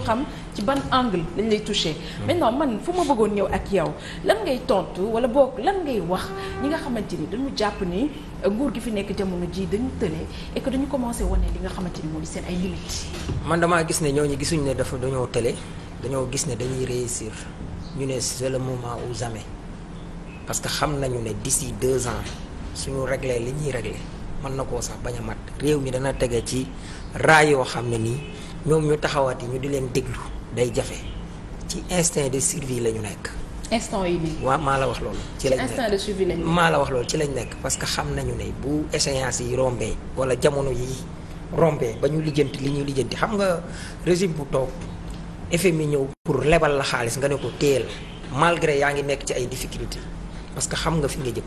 ñu xam ci ban angle lañ lay touché maintenant man fu ma bëggoon ñëw ak yow lan ngay tontu wala boog lan ngay wax ñi nga xamante ni dañu jàpp ni euh, nguur gi fi nekk jamono jii dañu tële et dañu commencé wane li nga xamante ni moo di seen ay limites. man damaa gis ne ñooñu gisuñu ne dafa dañoo tële dañoo gis ne dañuy réussir ñu ne c'est le moment ou jamais parce que xam nañu ne d'ici deux ans suñu réglé li ñuy réglé mën na koo sax bañ a mat réew mi dana teg ci raay ñoom ñu taxawaat yi ñu di leen déglu day jafe ci instinct de survie la ñu nekk. instant yi nii. waaw maa la wax loolu. ci lañ nekk instant maa la wax ci lañ nekk parce que xam nañu ne bu échéance yi rombee wala jamono yi rombee ba ñu lijjanti li ñuy lijjanti xam nga régime bu toog FMI ñëw pour lebal la xaalis nga ne ko téel malgré yaa ngi nekk ci ay difficulté parce que xam nga fi nga jëm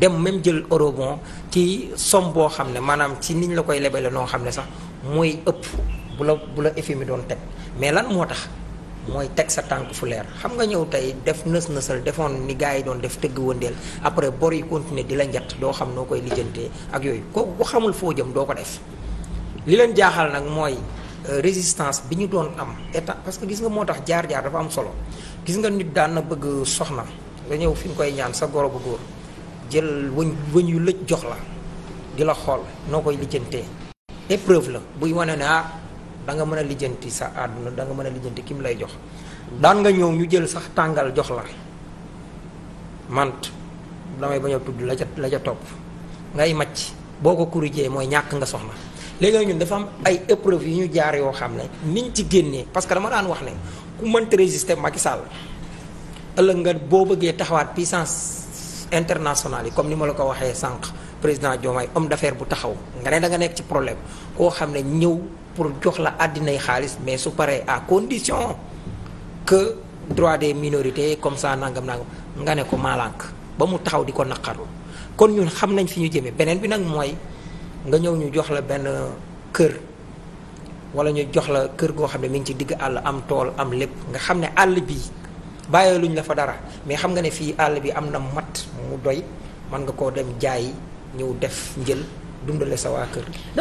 dem même jël eurobond ci somme boo xam ne maanaam ci niñ la koy lebale noo xam ne sax mooy ëpp. bu la bu la FMI doon teg mais lan moo tax mooy teg sa tànk fu leer xam nga ñëw tey def nës nësal defoon ni gars yi doon def tëgg wëndeel après bor yi continuer di la njett doo xam noo koy lijjantee ak yooyu kooku ku xamul foo jëm doo ko def li leen jaaxal nag mooy euh, résistance bi ñu doon am état parce que gis nga moo tax jaar-jaar dafa am solo gis nga nit daan na bëgg soxna nga ñëw fi nga koy ñaan sa goro bu góor jël wëñ wëñ yu lëj jox la di la xool noo koy lijjantee épreuve la buy wane ne ah da nga mën a lijjanti sa àdduna da nga mën a lijjanti kim lay jox daan nga ñëw ñu jël sax tàngal jox la mant damay bañ a tudd la ca la ca topp ngay macc boo ko corrigé mooy ñàkk nga soxna léegi ñun dafa am ay épreuve yu ñu jaar yoo xam ne niñ ci génnee parce que dama daan wax ne ku mënta résister Macky ëllëg nga boo bëggee taxawaat puissance internationale yi comme ni ma la ko waxee sànq président Diomaye homme d'affaires bu taxaw nga ne da nga nekk ci problème koo xam ne ñëw pour jox la àddinay xaalis mais su paree à condition que droit des minorités comme ça nangam nangam nga ne ko maalank ba mu taxaw di ko naqarlu kon ñun xam nañ fi ñu jëmee beneen bi nag mooy nga ñëw ñu jox la benn kër wala ñu jox la kër goo xam ne mi ngi ci digg àll am tool am lépp nga xam ne àll bi bàyyee luñ la fa dara mais xam nga ne fii àll bi am na matt mu doy mën nga koo dem jaay ñëw def njël dundale sa waa kër